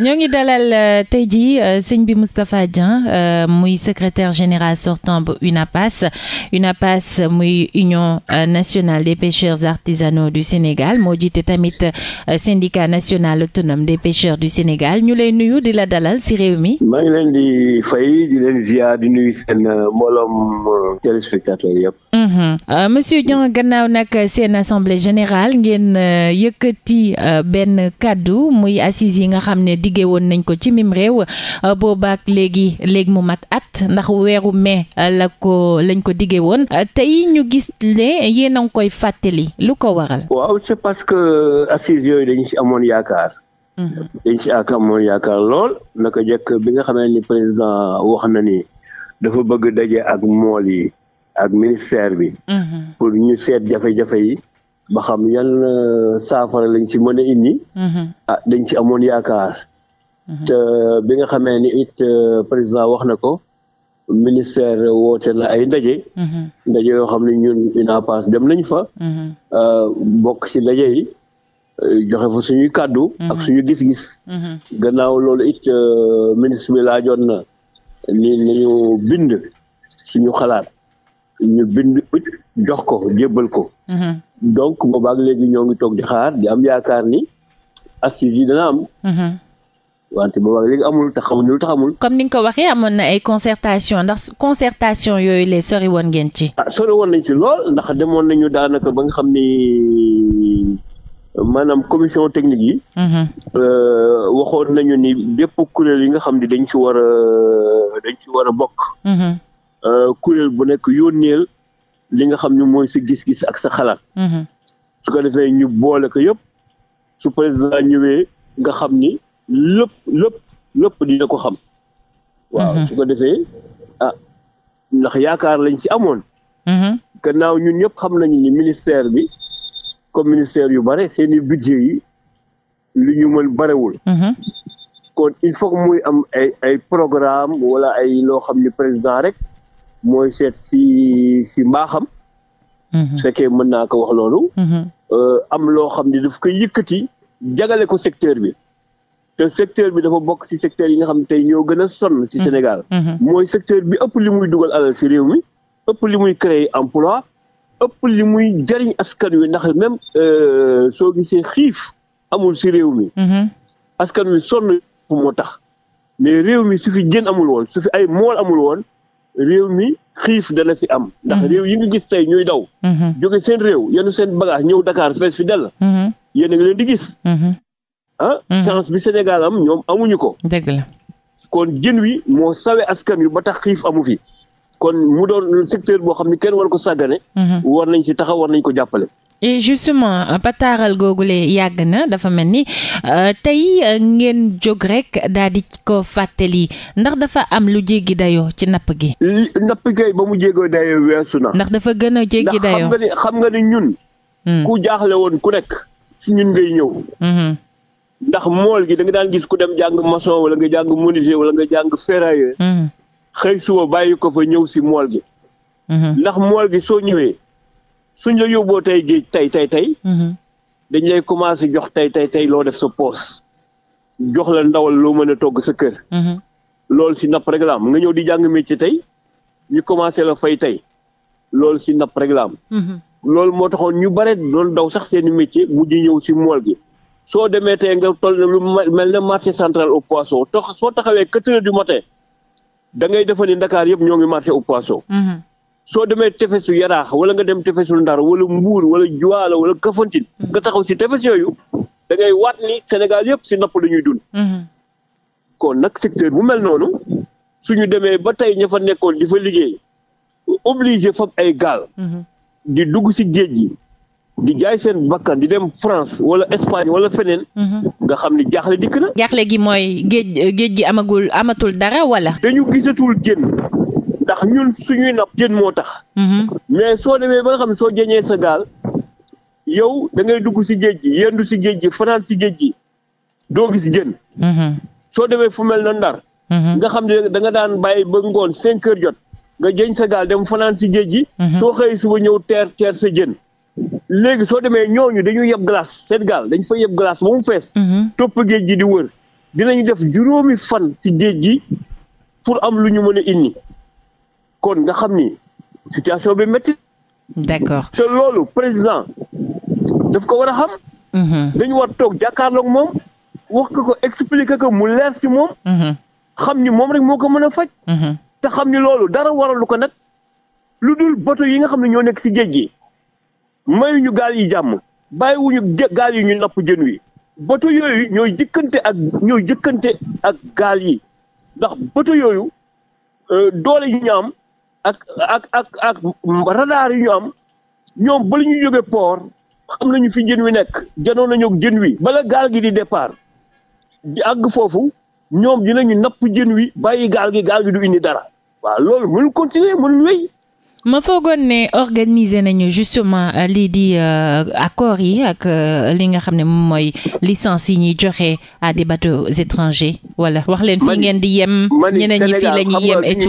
ñoo ngi dalal euh, tey jii euh, sëñ bi Moustapha Dieng euh, muy secrétaire général sortant bu UNAPAS UNAPAS muy union nationale des pêcheurs artisanaux du Sénégal moo jiite tamit syndicat national autonome des pêcheurs du Sénégal ñu ley nuyu di la dalal si réew mi. Mm-hmm. Euh, monsieur Dieng gannaaw nag seen assemblée général ngeen euh, yëkkati euh, benn kàddu muy assises yi nga xam ne diggee woon nañ ko ci mim réew boobaak léegi léegi mu mat at ndax weeru mai la ko lañ ko diggee woon tey ñu gis ne yéen a ngi koy fàttali lu ko waral. waaw c'est parce que assises yooyu dañ ci amoon yaakaar. Mm-hmm. dañ ci ak amoon yaakaar lool naka jekk bi nga xamee ni président wax na ni dafa bëgg daje ak mool yi. ak ministère bi. Mm-hmm. pour ñu seet jafe-jafe yi. ba xam yan euh, saafara lañ ci mën a indi. Mm-hmm. ah dañ ci amoon yaakaar. Mm-hmm. te bi nga xamee ni it euh, président wax na ko ministère woote na ay ndaje. ndaje yoo xam ne ñun UNAPAS dem nañ fa. Euh, bokk ci ndaje yi joxe fa suñu kàddu. ak suñu gis-gis. gannaaw lool it ministre bi laajoon na ni nañu bind suñu xalaat. ñu bind jox ko jébbal ko. Mhm. donc boobaag léegi ñoo ngi toog di xaar di am yaakaar ni assises yi dana am. Mhm. wante boobaag léegi amul taxamuñu taxamul. comme ni nga ko waxee amoon na ay concertation ndax concertation yooyu la sori woon ngeen ci. ah sori woon nañ ci lool ndax demoon nañu daanaka ba nga xam ni. maanaam commission technique yi. Mhm. Euh, waxoon nañu ni bépp kuréel yi nga xam ni dañ ci war a dañ ci war a bokk. Euh, kuréel bu nekk yónneel li nga xam ne mooy sa gis-gis ak sa xalaat. Mhm. su ko defee ñu boole ko yëpp su président ñëwee nga xam ni lépp lépp lépp dina ko xam. waaw mhm. su ko defee ah ndax yaakaar lañ ci amoon. Mhm. gannaaw ñun ñëpp xam nañu ni ministère bi comme ministère yu bare seeni budget yi li ñu mën barewul. kon il faut muy am ay ay programme wala ay loo xam ni président rek. mooy seet si si mbaaxam. Mm-hmm. su fekkee mën naa ko wax loolu. Mm-hmm. Euh, am loo xam ne daf koy yëkkati jagale ko secteur bi. te secteur bi dafa bokk ci secteur yi nga xam tey ñoo gën a sonn ci mm-hmm. Sénégal mooy secteur bi ëpp li muy dugal alal ci réew mi ëpp li muy créer emploi ëpp li muy jariñ askan wi ndax même euh, soo gisee xiif amul ci réew mi askan wi sonn moo tax mais réew mi su fi jën amul woon su fi ay mool amul woon réew mi xiif dana fi am. ndax mhm. réew yi nga gis tey ñuy daw. Mhm. jóge seen réew yenu seen bagage ñëw Dakar fees fi dell. Mhm. yéen a ngi leen di gis. ah chance bi Sénégal am ñoom amuñu ko. dëgg la kon jën wi moo sawe askan wi ba tax xiif amu fi kon mu doon secteur boo xam ne kenn war ko sàggane. war nañ ci taxaw war nañ ko jàppale. et justement euh, pataaral googule yàgg na dafa mel ni euh, tey euh, ngeen jóg rek daal di ko fàttali ndax dafa am lu jéggi dayoo ci napp gi. napp kay ba mu jéggoo dayoo weesu na. ndax dafa gën a jéggi dayoo ndax xam nga ni ñun. Hmm. ku jaaxle woon ku nekk ci ñun ngay ñëw. Hmm. ndax mool gi da daan gis ku dem jàng maçon wala nga jàng menuisier wala nga jàng ferrailleur. Hmm. xëy suba bàyyi ko fa ñëw si mool gi. ndax mool gi soo ñëwee. suñ la yóbboo tey géej tey tey tey. Mm-hmm. dañ lay commencé jox tey tey tey loo def sa poos jox la ndawal loo mën a togg sa kër. Mm-hmm. loolu si napp rek la am nga ñëw di jàng métier tey ñu commencé la fay tey loolu si napp rek la mm-hmm. loolu moo taxoon ñu bare doon daw sax seen i métier mu di ñëw si mool gi. soo demee tey nga toll lu mel ne marché central au poisson tax soo taxawee quatre heures du matin da ngay defa ni yëpp ñoo ngi marché au poisson. soo demee tefesu yaraax wala nga dem tefesu ndar wala mbuur wala juwaala wala kafantin hmm. nga taxaw si tefes yooyu da ngay waat ni Sénégal yëpp si napp la ñuy dund hmm. kon nag secteur bu mel noonu suñu demee ba tey ña fa nekkoon di fa liggéey obligé fab ay gaal hmm. di dugg si géej gi di jaay seen bakkan di dem France wala Espagne wala feneen. nga xam ni jaaxle dikk na. jaaxle gi mooy géej géej gi amagul amatul dara wala. dañu gisatul jën ndax ñun ñuy napp jën moo tax. Mm-hmm. mais soo demee ba nga xam ne soo jëñee sa gaal yow da ngay dugg si géej gi yendu si géej gi fanaan si géej gi doo gis jën. Mm-hmm. soo demee fu mel na ndar. Mm-hmm. nga xam ne da nga daan bàyyi ba ngoon cinq heures jot nga jëñ sa gaal dem fanaan si géej gi. soo xëyee suba ñëw teer teer sa jën. léegi soo demee ñooñu dañuy yeb glace seen gaal dañ fa yeb glace ba fees. topp géej gi di wër dinañu def juróomi fan si géej gi pour am lu ñu mën a indi. kon nga xam ni situation bi métti. d'accord te loolu président daf ko war a xam. Mm-hmm. dañu war toog jàkkaarloog moom wax ko ko expliquer ko mu leer ci moom. Mm-hmm. xam ni moom rek moo ko mën a faj. Mm-hmm. te xam ni loolu dara waralu ko nag lu dul bato yi nga xam ne ñoo nekk ci géej gi mayuñu gaal yi jàmm bàyyiwuñu gaal yi ñu napp jën wi bato yooyu ñooy jëkkante ak ñooy jëkkante ak gaal yi ndax bato yooyu euh, doole ñu ñaam ak ak ak ak radar yi ñu am ñoom bala ñu jóge port xam nañu fi jën wi nekk janoon nañu jën wi bala gaal gi di départ di àgg foofu ñoom dinañu napp jën wi bàyyi gaal gi gaal gi du indi dara waaw loolu mënul continuer mënul wéy ma foogoon ne organiser nañu justement euh, lii di euh, accords yi ak euh, li nga xam ne moom mooy licence yi ñuy joxe a des bateaux étrangers wala wax leen fii ngeen di yem ñeneen ñi fii la yem et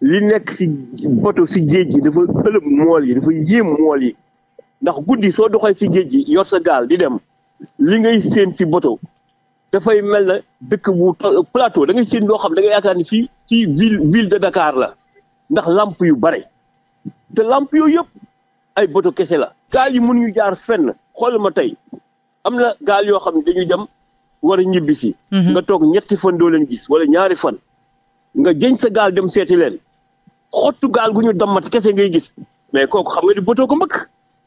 li nekk ci boto ci géej gi dafa ëlëb mool yi dafa yéem mool yi ndax guddi soo doxee ci géej gi yor sa gaal di dem li ngay séen si boto dafay mel na dëkk bu plateau da ngay séen loo xam da ngay yaakaar ni fii ci ville ville de Dakar la ndax lamp yu bare te lamp yooyu yëpp ay boto kese la. gaal yi mënuñu jaar fenn xool ma tey am na gaal yoo xam ne dañuy dem war a ñibbi si. Mhm. nga toog ñetti fan doo leen gis wala ñaari fan. nga jëñ sa gaal dem seeti leen. xottu gaal gu ñu dammat kese ngay gis mais kooku xam nga ni bëtoo ko mbëkk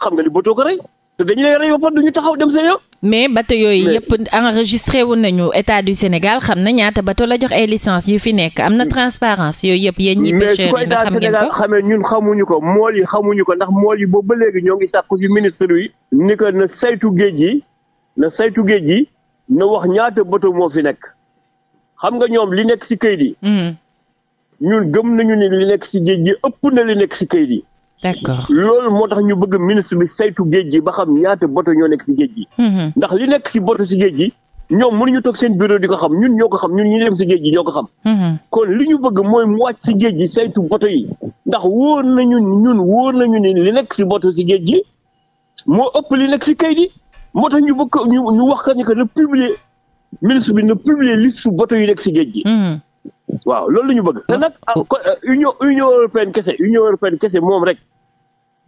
xam nga ni bëtoo ko rey te dañu lay rey ba pare du ñu taxaw dem seen mais bato yooyu yëpp enregistré wu nañu état du Sénégal xam na ñaata bato la jox ay licence yu fi nekk am na transparence yooyu yëpp yéen ñi pêcheurs yi nga xam ngeen ko xamee ñun xamuñu ko mool yi xamuñu ko ndax mool yi boobu ba léegi ñoo ngi sàkku ci ministre yi ni ko na saytu géej gi na saytu géej gi na wax ñaata bato moo fi nekk xam nga ñoom li nekk ci këyit yi hmm. ñun gëm nañu ne li nekk ci géej gi ëpp na li nekk ci kayit yi. d'accord loolu moo tax ñu bëgg ministre bi saytu géej gi ba xam yaata bato ñoo nekk ci géej gi. Mhm. ndax li nekk ci bato ci géej gi. ñoom mënuñu toog seen bureau di ko xam ñun ñoo ko xam ñun ñu dem ci géej gi ñoo ko xam. Mhm. kon li ñu bëgg mooy mu wàcc ci géej gi saytu bato yi ndax wóor nañu ñun wóor nañu ne li nekk ci bato ci géej gi moo ëpp li nekk ci kayit yi moo tax ñu bëgg ñu wax ka ni que na publier ministre bi na publier liste bato yi nekk ci géej gi. Mhm. waaw loolu la ñu bëgg. Ah. te nag ah, euh, union union européenne kese union européenne kese moom rek.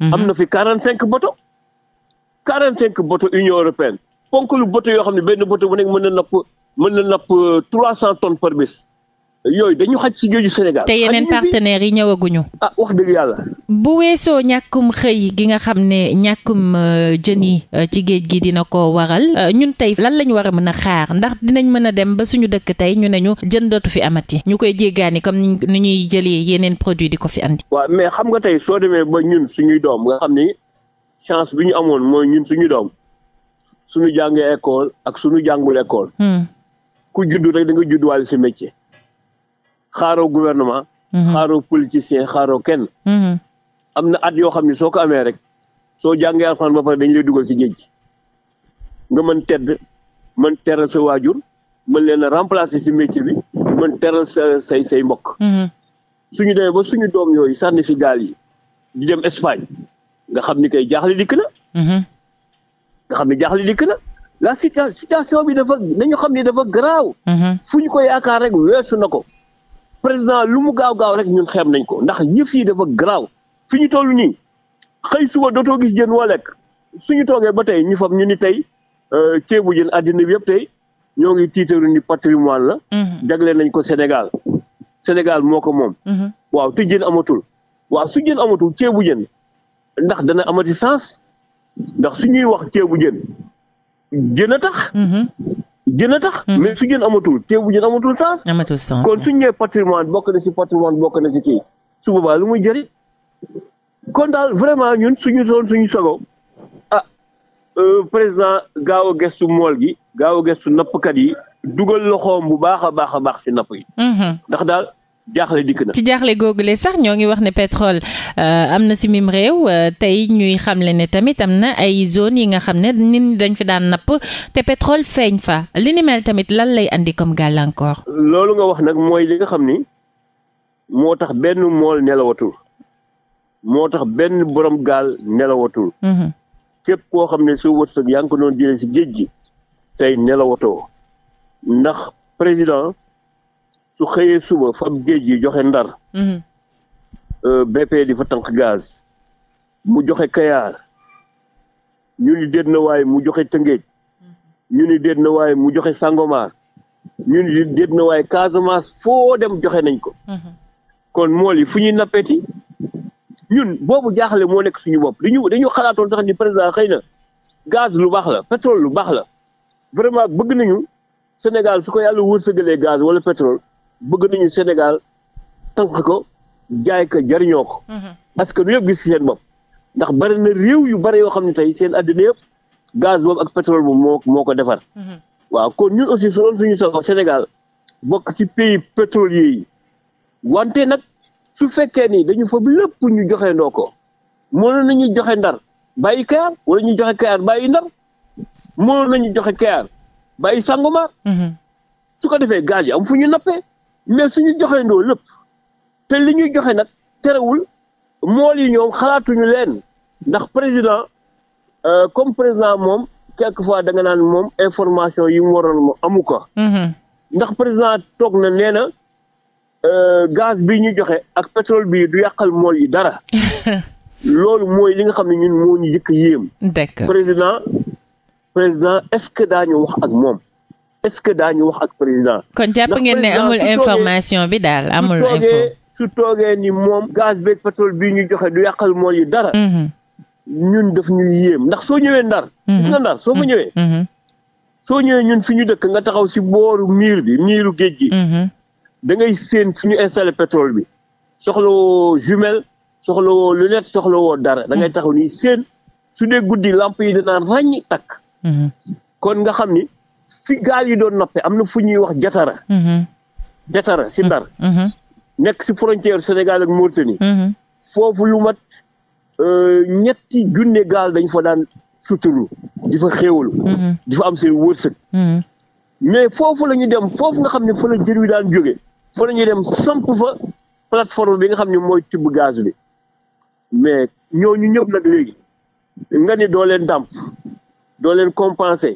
Mhm. am na fi quarante cinq boto quarante cinq bato union européenne ponk lu bato yoo xam ne benn bato bu nekk mën na napp mën na napp euh, trois cent tonnes par bés. yooyu dañu xaj ci jooju Sénégal. te yeneen partenaires yi ñëwaguñu. ah wax dëgg yàlla. bu weesoo ñàkkum xëy gi nga xam ne ñàkkum euh, jën yi euh, ci géej gi dina ko waral euh, ñun tey lan lañu war a mën a xaar ndax dinañ mën a dem ba suñu dëkk tey ñu ne ñu jën dootu fi amati. ñu koy jéggaani comme ni ñuy jëlee yeneen produit di ko fi andi. waaw mais xam nga tey soo demee ba ñun suñu doom nga xam ni chance bi ñu amoon mooy ñun suñu doom suñu jàngee école ak suñu jàngul école. Hmm. ku judd rek da nga wàll si xaaroo gouvernement. Mhm. xaaroo politicien xaaro kenn. Mhm. am na at yoo xam ne soo ko amee rek soo jàngee alxuraan ba pare dañ lay dugal ci géej gi nga mën tedd mën teral sa waajur mën leen a si ci bi mën teral sa say say mbokk. Mhm. suñu demee ba suñu doom yooyu sànni si gaal yi di dem Espagne nga xam ni kay jaaxle dikk na. nga xam ne jaaxle dikk na la situation bi dafa nañu xam ni dafa garaaw. fu ñu ko yaakaar rek weesu na ko. président lu mu gaaw gaaw rek ñun xeeb nañ ko ndax yëf yi dafa garaaw fi ñu toll nii xëy suba dootoo gis jën woo lekk su ñu toogee ba tey ñu fam ñu ni tey euh, ceebu jën àddina bi yëpp tey ñoo ngi tiitaru ni patrimoine la mhm. jagleel nañ ko Sénégal Sénégal moo ko moom mhm. waaw te jën amatul waaw su jën amatul ceebu jën ndax dana amati sens ndax su ñuy wax ceebu jën jën a tax mhm. jën a tax. Hmm. mais su jën amatul ceeb bu jën amatul sens. amatul sens kon suñu nee patrimoine bokk na ci patrimoine bokk na ci kii su bobaa lu muy jëriñ kon daal vraiment ñun suñu soon suñu sogo ah euh, président gaaw a gestu mool gi gaaw a gestu nappkat yi dugal loxoom bu baax a baax a baax si napp yi. Hmm, hmm. ndax daal. jaaxle dikk na. ci jaaxle googule sax ñoo ngi wax ne pétrole euh, am na si mim réew euh, tey ñuy xamle ne tamit am na ay zone yi nga xam ne nit ñi dañ fi daan napp te pétrole feeñ fa li ni mel tamit lan lay indi comme gàllankoor. loolu nga wax nag mooy li nga xam ni moo tax benn mool nelawatul moo tax benn borom gaal nelawatul. Mhm. képp koo xam ne su wërsëg yaa ngi ko si géej gi tey nelawatoo ndax président. su xëyee suba fab géej gi joxe ndar mhm. euh, BP di fa tànk gaz mu joxe kayaar ñu ni déet na waaye mu joxe tëngéej ñu ni déet na waaye mu joxe sangomar ñu ni déet na waaye Casamance foo dem joxe nañ ko mhm. kon mool yi fu ñuy nappeeti ñun boobu jaaxle moo nekk suñu bopp dañu dañu xalaatoon sax ni président xëy na gaz lu baax la pétrole lu baax la vraiment bëgg nañu Sénégal su ko yàlla wërsëgalee gaz wala pétrole bëgg nañu Sénégal tanq ko jaay ko jariñoo ko. Mhm. parce que nu yëpp gis seen bopp. ndax bari na réew yu bari yoo xam ne tey seen àddina yëpp gaz boobu ak pétrole boobu moo moo ko defar. Mhm. waaw kon ñun aussi su doon suñu soxla Sénégal bokk ci pays pétrolier yi wante nag su fekkee ni dañu fa lépp ñu joxe ndoo ko moo mënoon nañu joxe ndar bàyyi Kayar wala ñu joxe Kayar bàyyi ndar mënoon nañu joxe Kayar bàyyi Sangomar. Mhm. su ko defee gaz yi am fu ñu nappee. mais suñu ndoo lépp te li ñuy joxe nag terewul mool yi ñoom xalaatuñu leen ndax président euh, comme président moom quelquefois da nga naan moom information yi mu waroon moom amu ko mm-hmm. ndax président toog na nee na euh, gaz bi ñu joxe ak pétrole bi du yàqal mool yi dara loolu mooy li nga xam ne ñun moo ñu jëkk yéem président président est-ce que daañu wax ak moom est-ce que daañu wax ak président. kon jàpp ngeen ne amul information bi daal amul. info su toogee ni moom gaz beeg pétrole bii ñu joxe du yàqal mool yi dara. Mhm. ñun def ñuy yéem ndax soo ñëwee ndar. gis mhm. soo ma mhm. ñëwee. soo ñëwee ñun fi ñu dëkk nga taxaw si booru miir bi miiru géej gi. da ngay séen fi ñu installé pétrole bi soxlawoo jumelle soxlawoo lunette soxlawoo dara da ngay taxaw ni séen su dee guddi lamp yi dinaan ràññ takk. kon nga xam ni fi gaal yi doon nappe am na fu ñuy wax jatara mhm. jatara si ndar mhm. nekk si frontière Sénégal ak Mauritanie mhm. foofu lu mat euh, ñetti junne gaal dañ fa daan suturu di fa xéewalu di fa am seen wërsëg mais foofu la ñu dem foofu nga xam ne fa la jën wi daan jóge fa la ñuy dem samp fa plateforme bi nga xam ne mooy tibb gaz bi mais ñooñu ñëpp nag léegi nga ni doo leen dàmp doo leen compenser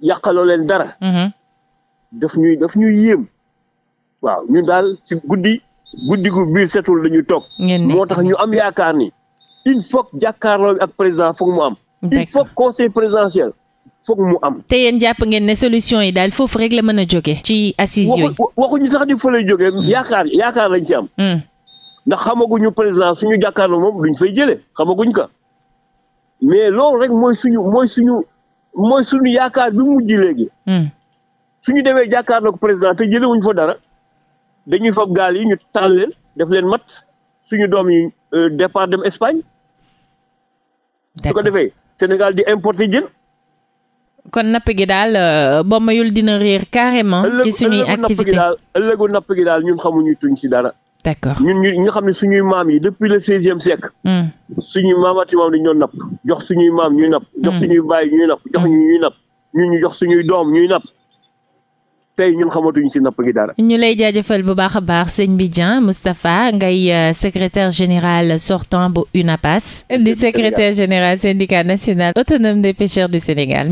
yàqaloo leen dara. Mm-hmm. daf ñuy daf ñuy yéem. waaw ñu daal ci guddi guddi gu biir setul dañuy toog. moo tax ñu am yaakaar ni il faut jàkkaarloo bi ak président foog mu am. il faut conseil présidentiel foog mu am. te yéen jàpp ngeen ne solution yi daal foofu rek la mën a jóge ci assises yooyu waxuñu sax ni fa lay jógee. Mm. yaakaar yaakaar ci am. Mm. ndax xamaguñu président suñu jàkkaarloo moom duñ fay xama guñ ko mais loolu rek mooy suñu mooy suñu. mooy suñu yaakaar bi mujj léegi. Hmm. suñu demee jàkkaarloog président te jëlee wuñ fa dara dañuy fab gaal yi ñu taal leen def leen mat suñu doom yi euh, départ dem Espagne. su ko defee Sénégal di importer jën. kon napp gi daal euh, ba mayul dina réer carrément. ci suñuy activité ëllëgu napp gi daal ñu xamuñu tuñ si dara. d'accord ñun ñu nga xam ne suñuy maam yi depuis le seizième siècle. Hmm. suñuy maamaati maam dañu doon napp jox suñuy maam ñuy napp. jox hmm. suñuy baay ñuy napp jox ñu ñuy napp ñun ñu jox suñuy doom ñuy napp. tey ñun xamatuñu ci napp gi dara. ñu lay jaajëfal bu baax a baax sëñ bi Dieng Moustapha ngay euh, secrétaire général sortant bu UNAPAS. di secrétaire général syndicat national autonome de pêcheurs du Sénégal